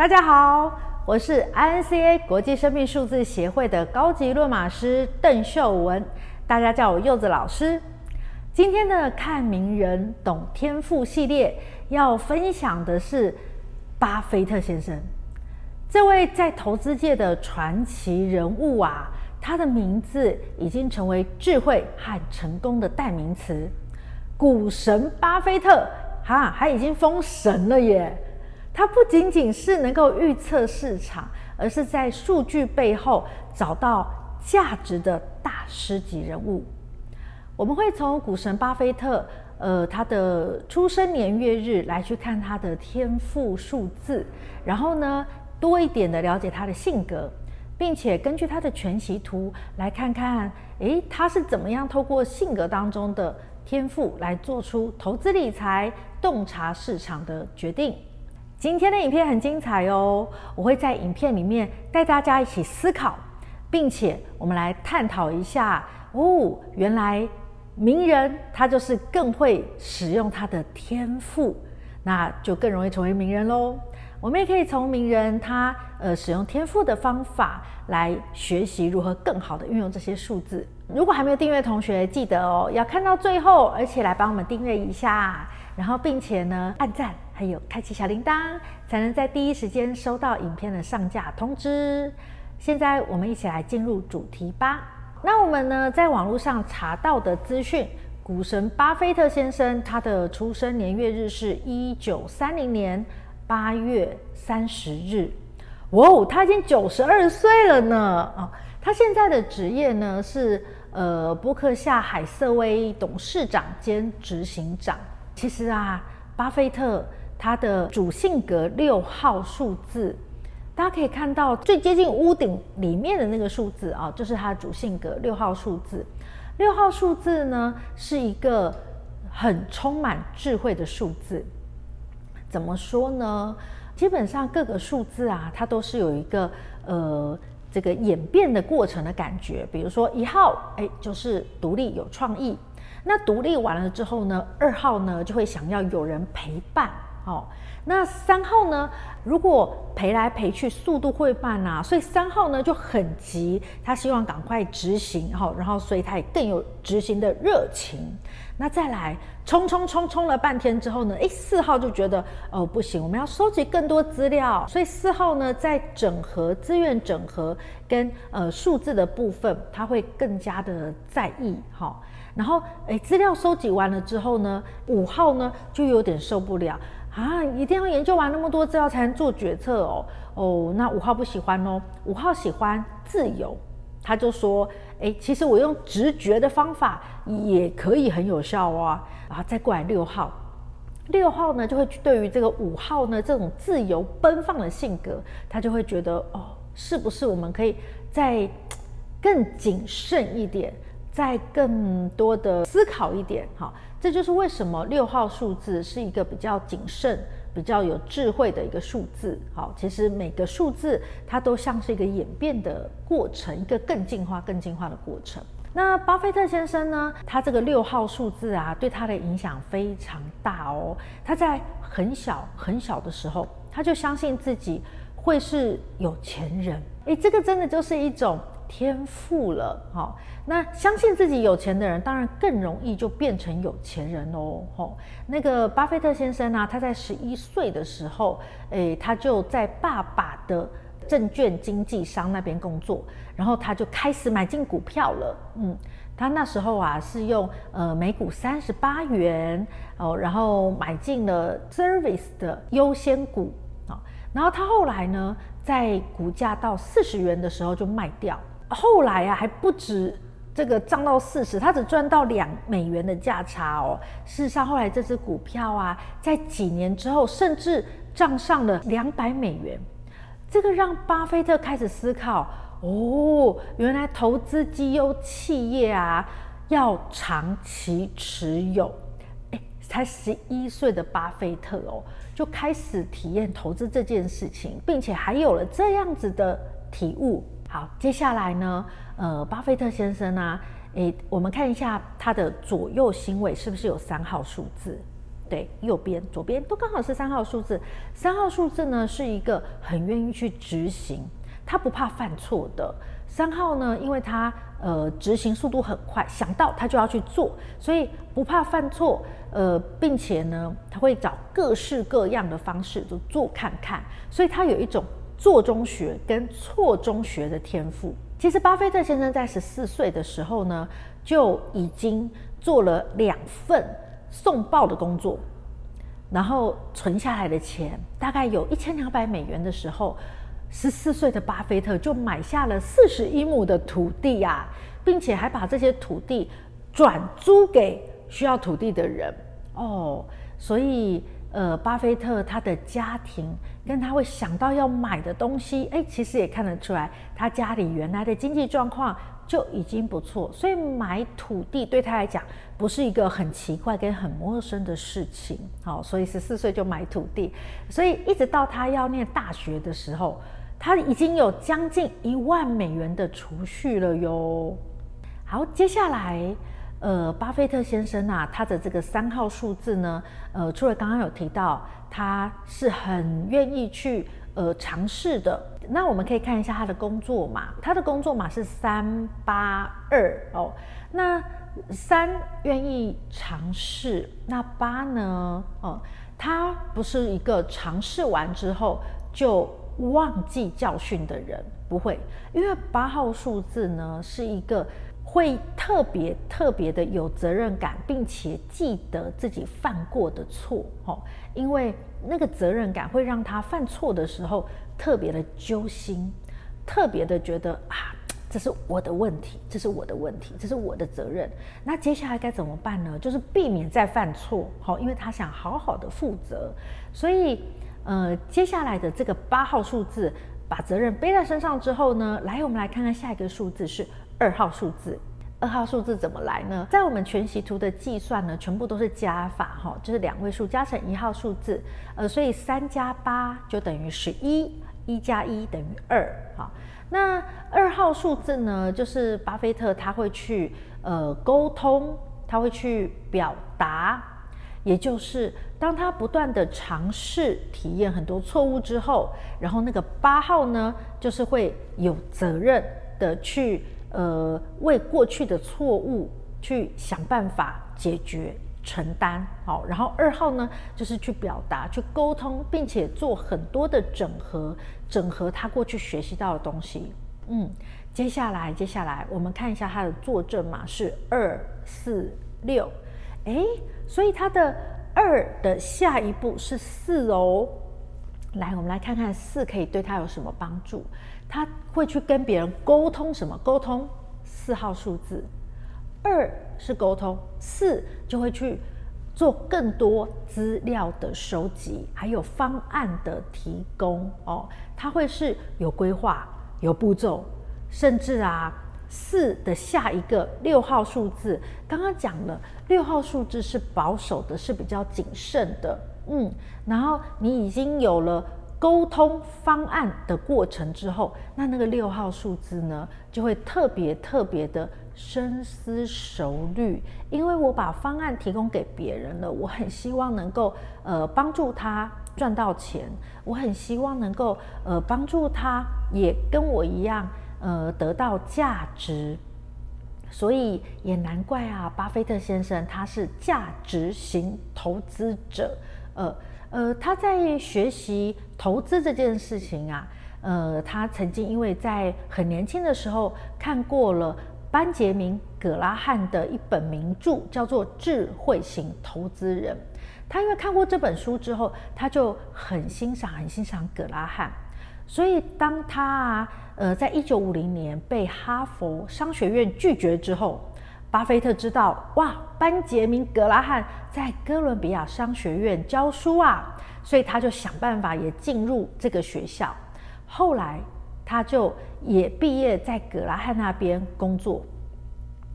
大家好，我是 INCA 國際生命數字協會的高級論碼師鄧秀文，大家叫我柚子老師。今天的看名人懂天賦系列要分享的是巴菲特先生，這位在投資界的傳奇人物啊，他的名字已經成為智慧和成功的代名詞。股神巴菲特哈，啊，他已經封神了耶！他不僅僅是能夠預測市場，而是在數據背後找到價值的大師級人物。我們會從股神巴菲特，呃，他的出生年月日來去看他的天賦數字，然後呢，多一點的了解他的性格，並且根據他的全息圖來看看，誒，他是怎麼樣透過性格當中的天賦來做出投資理財、洞察市場的決定。今天的影片很精彩哦，我會在影片裡面帶大家一起思考，並且我們來探討一下哦。原來名人他就是更會使用他的天賦，那就更容易成為名人嘍。我們也可以從名人他呃使用天賦的方法來學習如何更好的運用這些數字。如果還沒有訂閱的同學，記得哦要看到最後，而且來幫我們訂閱一下。然後，並且呢，按讚還有開啟小鈴鐺，才能在第一時間收到影片的上架通知。現在，我們一起來進入主題吧。那我們呢，在網絡上查到的資訊，股神巴菲特先生，他的出生年月日是一九三零年八月三十日。哇哦，他已經九十二歲了呢。哦，他現在的職業呢是呃，波克夏海瑟威董事長兼執行長。其實啊，巴菲特他的主性格六號數字，大家可以看到最接近屋頂裡面的那個數字啊，就是他的主性格六號數字。六號數字呢，是一個很充滿智慧的數字。怎麼說呢？基本上各個數字啊，它都是有一個呃這個演變的過程的感覺。比如說一號，哎，就是獨立有創意。那獨立完了之後呢？二號呢就會想要有人陪伴哦。那三號呢？如果陪來陪去速度會慢吶，啊，所以三號呢就很急，他希望趕快執行哈、哦，然後所以他也更有執行的熱情。那再來衝衝衝衝了半天之後呢？哎，四號就覺得哦、呃、不行，我們要收集更多資料，所以四號呢在整合，資源整合跟呃數字的部分，他會更加的在意哈。哦然後，哎，資料收集完了之後呢，五號呢就有點受不了啊！一定要研究完那麼多資料才能做決策哦。哦，那五號不喜歡哦。五號喜歡自由，他就說：哎，其實我用直覺的方法也可以很有效啊，哦。然後再過來六號，六號呢就會對於這個五號呢這種自由奔放的性格，他就會覺得哦，是不是我們可以再更謹慎一點？再更多的思考一點，好，這就是為什麼六號數字是一個比較謹慎、比較有智慧的一個數字。好，其實每個數字它都像是一個演變的過程，一個更進化、更進化的過程。那巴菲特先生呢？他這個六號數字啊，對他的影響非常大哦。他在很小很小的時候，他就相信自己會是有錢人。誒，這個真的就是一種。天賦了，好、哦，那相信自己有錢的人，當然更容易就變成有錢人哦。吼、哦，那個巴菲特先生呢、啊？他在十一歲的時候，誒、哎，他就在爸爸的證券經紀商那邊工作，然後他就開始買進股票了。嗯，他那時候啊是用呃每股三十八元哦，然後買進了 Service 的優先股啊、哦，然後他後來呢，在股價到四十元的時候就賣掉。後來啊，還不止這個漲到四十，他只賺到兩美元的價差哦。事實上，後來這支股票啊，在幾年之後，甚至漲上了兩百美元。這個讓巴菲特開始思考：哦，原來投資績優企業啊，要長期持有。哎，才十一歲的巴菲特哦，就開始體驗投資這件事情，並且還有了這樣子的體悟。好，接下來呢，呃，巴菲特先生啊，誒、欸，我們看一下他的左右行為是不是有三號數字？對，右邊、左邊都剛好是三號數字。三號數字呢，是一個很願意去執行，他不怕犯錯的。三號呢，因為他呃執行速度很快，想到他就要去做，所以不怕犯錯。呃，並且呢，他會找各式各樣的方式就做看看，所以他有一種。做中學跟錯中學的天賦，其實巴菲特先生在十四歲的時候呢，就已經做了兩份送報的工作，然後存下來的錢大概有一千兩百美元的時候，十四歲的巴菲特就買下了四十一畝的土地呀，啊，並且還把這些土地轉租給需要土地的人哦，所以。呃，巴菲特他的家庭跟他會想到要買的東西，誒，其實也看得出來，他家裡原來的經濟狀況就已經不錯，所以買土地對他來講不是一個很奇怪跟很陌生的事情。好、哦，所以十四歲就買土地，所以一直到他要念大學的時候，他已經有將近一萬美元的儲蓄了喲。好，接下來。呃，巴菲特先生吶、啊，他的這個三號數字呢，呃，除了剛剛有提到，他是很願意去呃嘗試的。那我們可以看一下他的工作碼，他的工作碼是三八二哦。那三願意嘗試，那八呢？哦，他不是一個嘗試完之後就忘記教訓的人，不會，因為八號數字呢是一個。會特別特別的有責任感，並且記得自己犯過的錯哦，因為那個責任感會讓他犯錯的時候特別的揪心，特別的覺得啊，這是我的問題，這是我的問題，這是我的責任。那接下來該怎麼辦呢？就是避免再犯錯，哦，因為他想好好的負責。所以呃，接下來的這個八號數字，把責任背在身上之後呢，來，我們來看看下一個數字是。二號數字，二號數字怎麼來呢？在我們全息圖的計算呢，全部都是加法哈、哦，就是兩位數加成一號數字，呃，所以三加八就等於十一，一加一等於二哈。那二號數字呢，就是巴菲特他會去呃溝通，他會去表達，也就是當他不斷的嘗試、體驗很多錯誤之後，然後那個八號呢，就是會有責任的去。呃，為過去的錯誤去想辦法解決、承擔，好，然後二號呢，就是去表達、去溝通，並且做很多的整合，整合他過去學習到的東西。嗯，接下來，接下來我們看一下他的作證碼是二四六，誒，所以他的二的下一步是四哦。來，我們來看看四可以對他有什麼幫助。他會去跟別人溝通什麼？溝通四號數字，二是溝通四就會去做更多資料的收集，還有方案的提供哦。他會是有規劃、有步驟，甚至啊四的下一個六號數字，剛剛講了六號數字是保守的，是比較謹慎的，嗯。然後你已經有了。溝通方案的過程之後，那那個六號數字呢，就會特別特別的深思熟慮，因為我把方案提供給別人了，我很希望能夠呃幫助他賺到錢，我很希望能夠呃幫助他也跟我一樣呃得到價值，所以也難怪啊，巴菲特先生他是價值型投資者，呃。呃，他在學習投資這件事情啊，呃，他曾經因為在很年輕的時候看過了班傑明·葛拉漢的一本名著，叫做《智慧型投資人》。他因為看過這本書之後，他就很欣賞、很欣賞葛拉漢，所以當他、啊、呃在1950年被哈佛商學院拒絕之後。巴菲特知道哇，班傑明·格拉漢在哥倫比亞商學院教書啊，所以他就想辦法也進入這個學校。後來他就也畢業，在格拉漢那邊工作。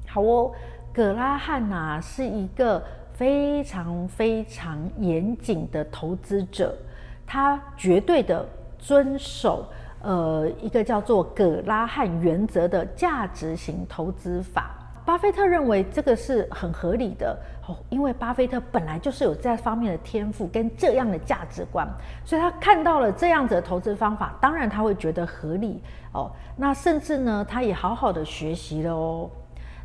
好哦，格拉漢呢，啊，是一個非常非常嚴謹的投資者，他絕對的遵守呃，一個叫做格拉漢原則的價值型投資法。巴菲特認為這個是很合理的哦，因為巴菲特本來就是有這方面的天賦跟這樣的價值觀，所以他看到了這樣子的投資方法，當然他會覺得合理哦。那甚至呢，他也好好的學習了哦。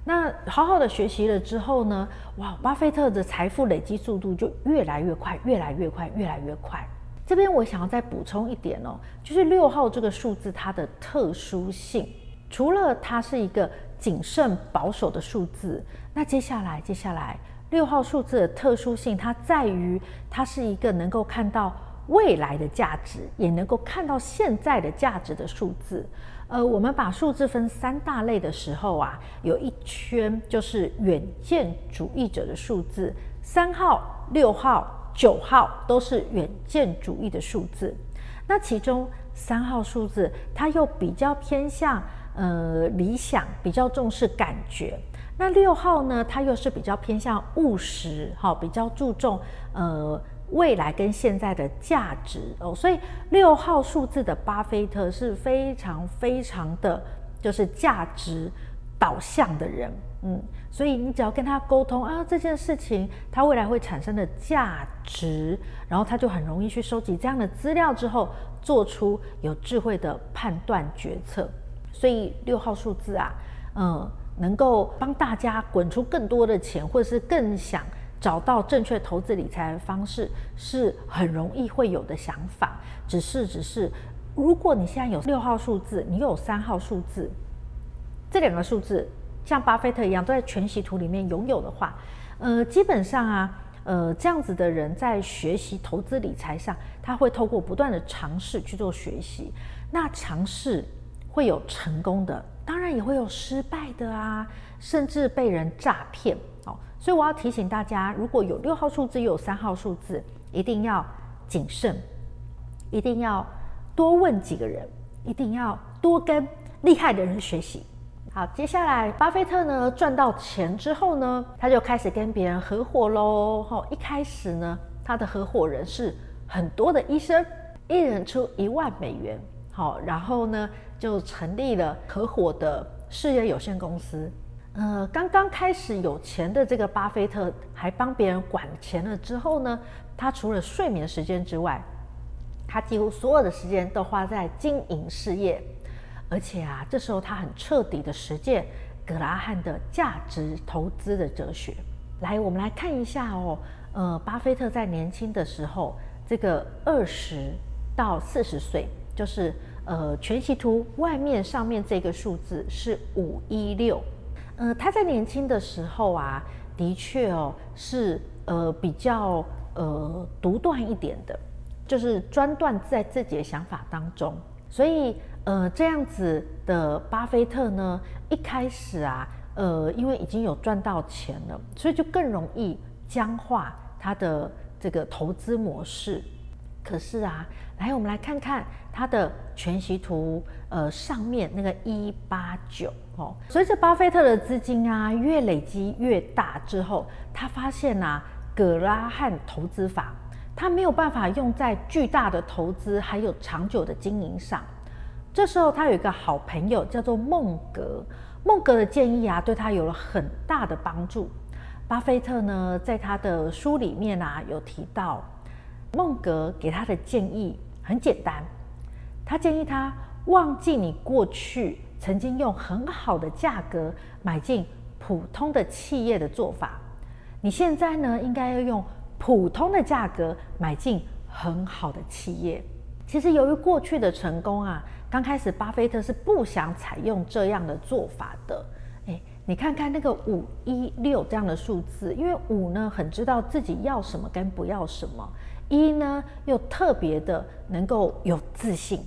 那好好的學習了之後呢，哇，巴菲特的財富累積速度就越來越快，越來越快，越來越快。這邊我想要再補充一點哦，就是六號這個數字它的特殊性。除了它是一個謹慎保守的數字，那接下來接下來六號數字的特殊性，它在於它是一個能夠看到未來的價值，也能夠看到現在的價值的數字。呃，我們把數字分三大類的時候啊，有一圈就是遠見主義者的數字，三號、六號、九號都是遠見主義的數字。那其中三號數字，它又比較偏向。呃，理想比較重視感覺。那六號呢？他又是比較偏向務實，哈、哦，比較注重呃未來跟現在的價值哦。所以六號數字的巴菲特是非常非常的就是價值導向的人，嗯，所以你只要跟他溝通啊，這件事情他未來會產生的價值，然後他就很容易去收集這樣的資料之後，做出有智慧的判斷決策。所以六號數字啊，嗯、呃，能夠幫大家滾出更多的錢，或者是更想找到正確投資理財的方式，是很容易會有的想法。只是，只是，如果你現在有六號數字，你有三號數字，這兩個數字像巴菲特一樣都在全息圖裡面擁有的話，呃，基本上啊，呃，這樣子的人在學習投資理財上，他會透過不斷的嘗試去做學習，那嘗試。會有成功的，當然也會有失敗的啊，甚至被人詐騙哦。所以我要提醒大家，如果有六號數字，也有三號數字，一定要謹慎，一定要多問幾個人，一定要多跟厲害的人學習。好，接下來巴菲特呢賺到錢之後呢，他就開始跟別人合夥嘍。吼，一開始呢，他的合夥人是很多的醫生，一人出一萬美元。好，然後呢，就成立了合夥的事業有限公司。呃，剛剛開始有錢的這個巴菲特，還幫別人管錢了。之後呢，他除了睡眠時間之外，他幾乎所有的時間都花在經營事業。而且啊，這時候他很徹底的實踐格拉漢的價值投資的哲學。來，我們來看一下哦。呃，巴菲特在年輕的時候，這個二十到四十歲，就是。呃，全息圖外面上面這個數字是五一六。呃，他在年輕的時候啊，的確哦，是呃比較呃獨斷一點的，就是專斷在自己的想法當中。所以呃，這樣子的巴菲特呢，一開始啊，呃，因為已經有賺到錢了，所以就更容易僵化他的這個投資模式。可是啊，來，我們來看看他的全息圖，呃，上面那個一八九哦，隨着巴菲特的資金啊越累積越大之後，他發現啊，葛拉漢投資法他沒有辦法用在巨大的投資還有長久的經營上。這時候他有一個好朋友叫做孟格，孟格的建議啊，對他有了很大的幫助。巴菲特呢，在他的書裡面啊，有提到。孟格給他的建議很簡單，他建議他忘記，你過去曾經用很好的價格買進普通的企業的做法。你現在呢，應該要用普通的價格買進很好的企業。其實由於過去的成功啊，剛開始巴菲特是不想採用這樣的做法的。誒，你看看那個五一六這樣的數字，因為五呢很知道自己要什麼跟不要什麼。一呢，又特別的能夠有自信，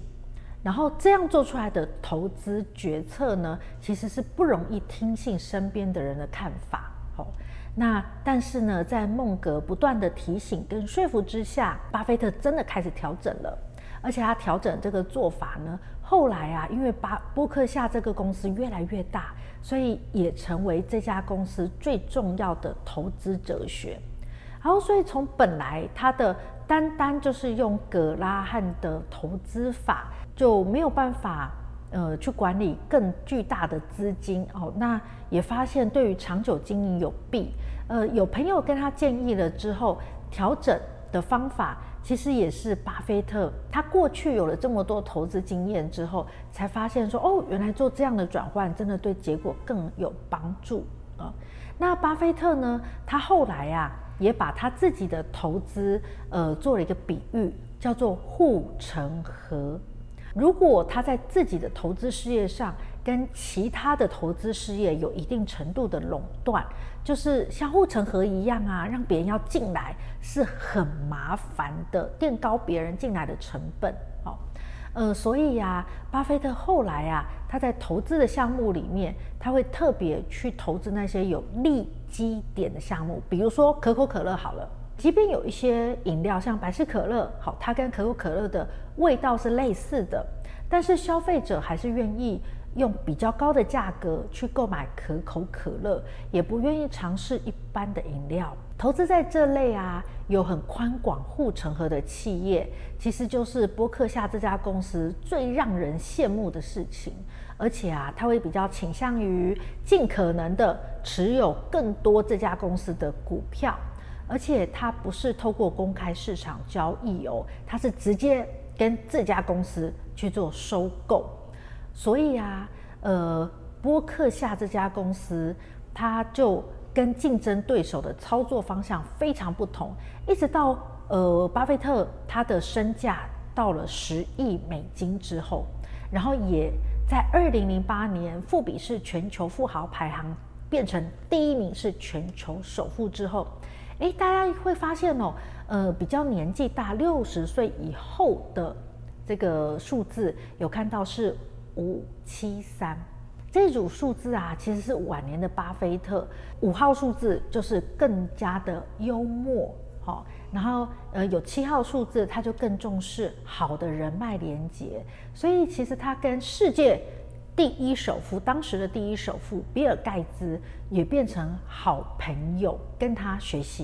然後這樣做出來的投資決策呢，其實是不容易聽信身邊的人的看法。哦。那但是呢，在孟格不斷的提醒跟說服之下，巴菲特真的開始調整了，而且他調整這個做法呢，後來啊，因為巴波克夏這個公司越來越大，所以也成為這家公司最重要的投資哲學。然後，所以從本來他的。單單就是用葛拉漢的投資法就沒有辦法，呃，去管理更巨大的資金哦。那也發現對於長久經營有弊，呃，有朋友跟他建議了之後，調整的方法其實也是巴菲特，他過去有了這麼多投資經驗之後，才發現說，哦，原來做這樣的轉換真的對結果更有幫助啊，哦。那巴菲特呢，他後來呀，啊。也把他自己的投資，呃，做了一個比喻，叫做護城河。如果他在自己的投資事業上跟其他的投資事業有一定程度的壟斷，就是像護城河一樣啊，讓別人要進來是很麻煩的，墊高別人進來的成本，好、哦。呃、嗯，所以呀、啊，巴菲特後來啊，他在投資的項目裡面，他會特別去投資那些有利基點的項目，比如說可口可樂好了。即便有一些飲料像百事可樂，好，它跟可口可樂的味道是類似的，但是消費者還是願意用比較高的價格去購買可口可樂，也不願意嘗試一般的飲料。投資在這類啊，有很寬廣護城河的企業，其實就是波克夏這家公司最讓人羨慕的事情。而且啊，他會比較傾向於盡可能的持有更多這家公司的股票，而且他不是透過公開市場交易哦，他是直接跟這家公司去做收購。所以啊，呃，波克夏這家公司，他就。跟競爭對手的操作方向非常不同，一直到呃，巴菲特他的身價到了十億美金之後，然後也在二零零八年富比士全球富豪排行變成第一名是全球首富之後，誒，大家會發現哦，呃，比較年紀大六十歲以後的這個數字有看到是五七三。這一組數字啊，其實是晚年的巴菲特。五號數字就是更加的幽默，哈、哦，然後呃，有七號數字，他就更重視好的人脈連接。所以其實他跟世界第一首富，當時的第一首富比爾蓋茨也變成好朋友，跟他學習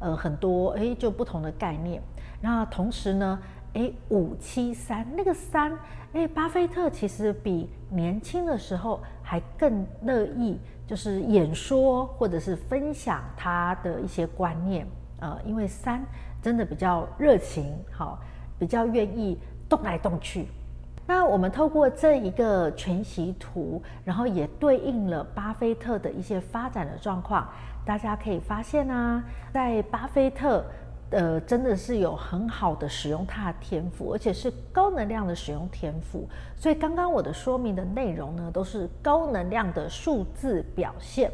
呃，很多誒，就不同的概念。那同時呢。誒，五七三那個三，誒，巴菲特其實比年輕的時候還更樂意，就是演說或者是分享他的一些觀念，呃，因為三真的比較熱情，好，哦，比較願意動來動去。嗯。那我們透過這一個全息圖，然後也對應了巴菲特的一些發展的狀況，大家可以發現啊，在巴菲特。呃，真的是有很好的使用他的天賦，而且是高能量的使用天賦。所以剛剛我的說明的內容呢，都是高能量的數字表現。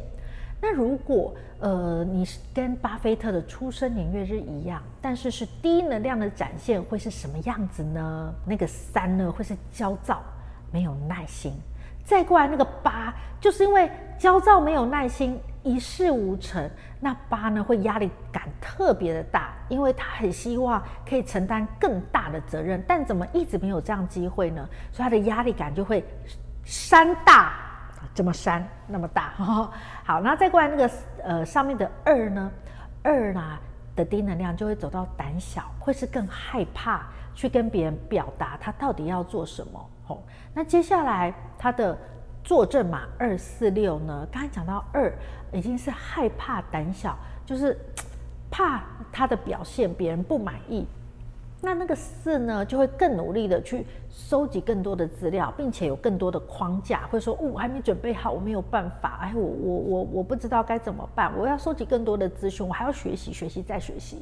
那如果呃你是跟巴菲特的出生年月日一樣，但是是低能量的展現，會是什麼樣子呢？那個三呢，會是焦躁，沒有耐心。再過來那個八，就是因為焦躁、沒有耐心、一事無成，那八呢會壓力感特別的大，因為他很希望可以承擔更大的責任，但怎麼一直沒有這樣機會呢？所以他的壓力感就會山大，這麼山那麼大。好，那再過來那個呃上面的二呢，二呢的低能量就會走到膽小，會是更害怕去跟別人表達他到底要做什麼。那接下來他的坐證嘛，二四六呢？剛才講到二已經是害怕、膽小，就是怕他的表現別人不滿意。那那個四呢，就會更努力的去收集更多的資料，並且有更多的框架，會說：“哦，我還沒準備好，我沒有辦法，哎，我我我我不知道該怎麼辦，我要收集更多的資訊，我還要學習、學習、再學習。”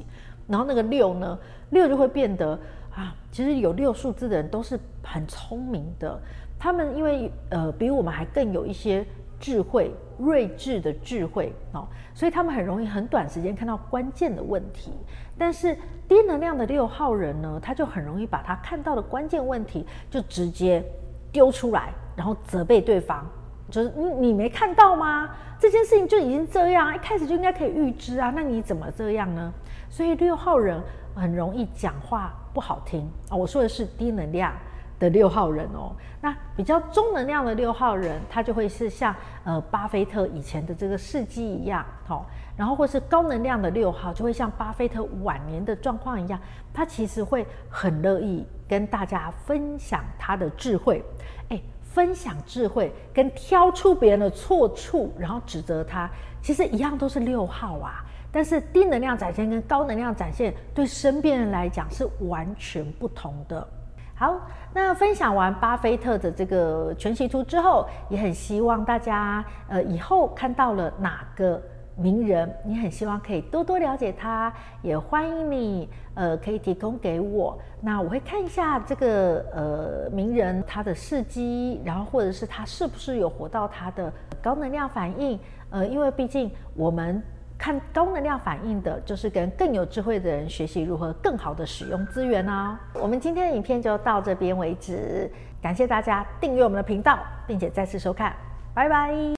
然後那個六呢，六就會變得。啊，其實有六數字的人都是很聰明的，他們因為呃比我們還更有一些智慧、睿智的智慧哦，所以他們很容易很短時間看到關鍵的問題。但是低能量的六號人呢，他就很容易把他看到的關鍵問題就直接丟出來，然後責備對方，就是你你沒看到嗎？這件事情就已經這樣，一開始就應該可以預知啊，那你怎麼這樣呢？所以六號人。很容易講話不好聽啊，哦，我說的是低能量的六號人哦。那比較中能量的六號人，他就會是像呃巴菲特以前的這個事蹟一樣，哦，然後或是高能量的六號，就會像巴菲特晚年的狀況一樣，他其實會很樂意跟大家分享他的智慧。哎，分享智慧跟挑出別人的錯處，然後指責他，其實一樣都是六號啊。但是低能量展現跟高能量展現對身邊人來講是完全不同的。好，那分享完巴菲特的這個全息圖之後，也很希望大家呃以後看到了哪個名人，你很希望可以多多了解他，也歡迎你呃可以提供給我，那我會看一下這個呃名人他的事蹟，然後或者是他是不是有活到他的高能量反應，呃，因為畢竟我們。看高能量反應的，就是跟更有智慧的人學習如何更好的使用資源哦。我們今天的影片就到這邊為止，感謝大家訂閱我們的頻道，並且再次收看，拜拜。